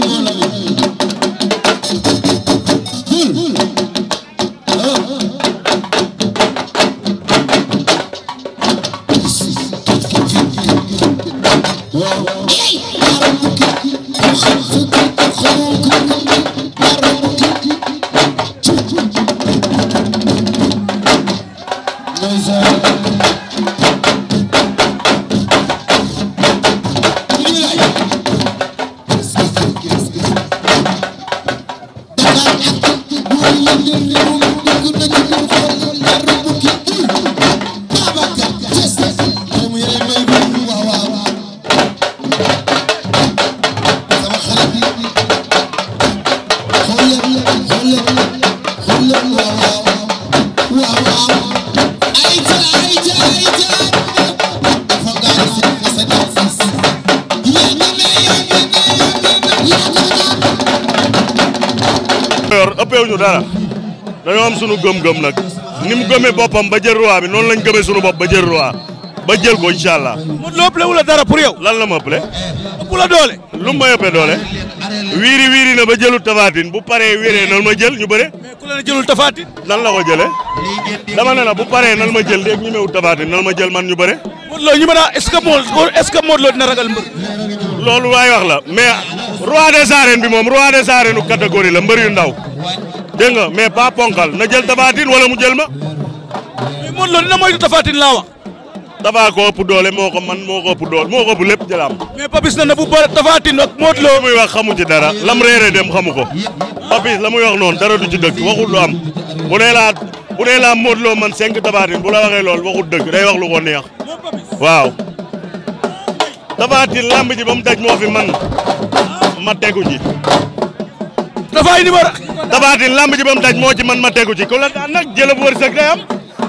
góor moytu dara dañoo am sunu gëm-gëm nag ni mu boppam ba jël roi bi noonu lañ gëmee sunu bopp ba jël roi ba jël ko incha allah. Modou Lo ëppale wula dara pour yow. lan la ma ëppale. ëpp la doole. lu mu ma ëppee doole. wiiri wiiri na ba jëlul tafaatin bu paree wiiree nan ma jël ñu la ne jëlul tafaatin. nan la ko jëlee. dama ne bu paree nan ma jël léegi ñu meewul tafaatin nan ma jël man ñu bëre. Modou Lo ñu a dina ragal mbër. loolu waay wax la mais roi des bi moom roi des arènes la mbër yu ndaw dégg nga mais pas ponkal na jël tafatin wala mu jël ma. mais Modou Lo dina moytu tafatin laa wax. dafa ko doole moo ko man moo ko ëpp doole moo ko ëpp lépp jëlaam. mais Papis na ne bu ba tafatin ak Modou Lo. li muy wax xamu ci dara lam réeré dem xamu ko Papis la muy wax noonu dara du ci dëgg waxul lu am bu nee laa bu ne laa Modou loo man cinq tafatin bu la loolu waxul dëgg day wax lu ko neex waaw. Tapha Tine lamb ba mu daj moo fi man ma tegu ci dafay numéro. Tapha Tine lamb ji ba mu daj moo ci man ma tegu ci ku la daan nag jëlab wërsëg day am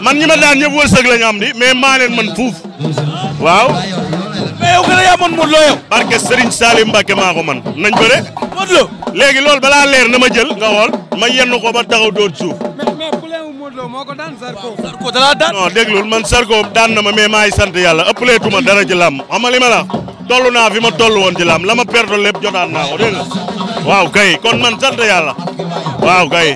man ñi ma daan ñëpp wërsëg la ñu di mais maa man fuuf waaw. mais yow gën a yaa mën Modou Lo barke Serigne Salim Mbacke maa ko man nañ bëre. Modou Lo léegi loolu balaa leer na ma jël nga xool ma yenn ko ba taxaw dóor suuf. Modou Lo moo ko daan Zarko. Zarko da man Zarko daan na ma mais maay sant yàlla ëppaleetu ma dara ci làmb xam nga li ma la toll naa ma toll woon ci làmb la ma perte lépp jotaan naa ko dégg nga waaw kay kon man sant yàlla waaw kay.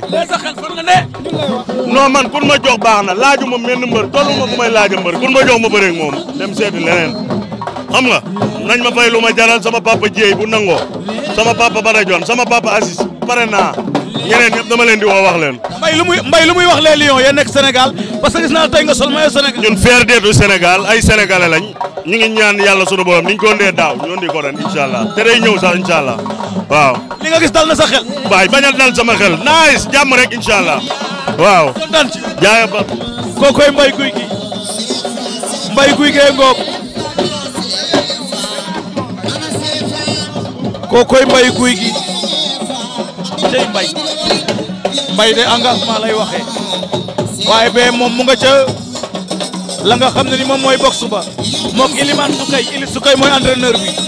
mais man kun ma jox baax na laaju ma menn mbër tollu ma ku may laaj a mbër kun ma jox ma bëreeg moom dem seeti leneen xam nga nañ ma fay lu ma jaral sama papa Dieye bu nangoo sama papa Badajon sama papa Aziz pare naa. ñeneen ñëpp dama leen di woo wax leen. mbay lu muy mbay lu muy wax les lions yéen nekk senegal parce que gis naa tey nga sol maillot Sénégal. ñun fierté du senegal ay sénégalais lañ ñu ngi ñaan yàlla sunu borom ni ñu ko ndee daaw ñu indi ko ren incha allah te day ñëw sax incha waaw. li nga gis dal na sa xel. waay bañ a dal sama xel nice jàmm rek incha allah waaw. kontaan ci jaaya ba. kookoy mbay guy gi mbay guy kookoy mbay guy gi. cey mbay mbay de engagement lay waxee waaye bee moom mu nga ca la nga xam ne ni moom mooy box ba mook iliman sukay ili sukay mooy entraîneur bi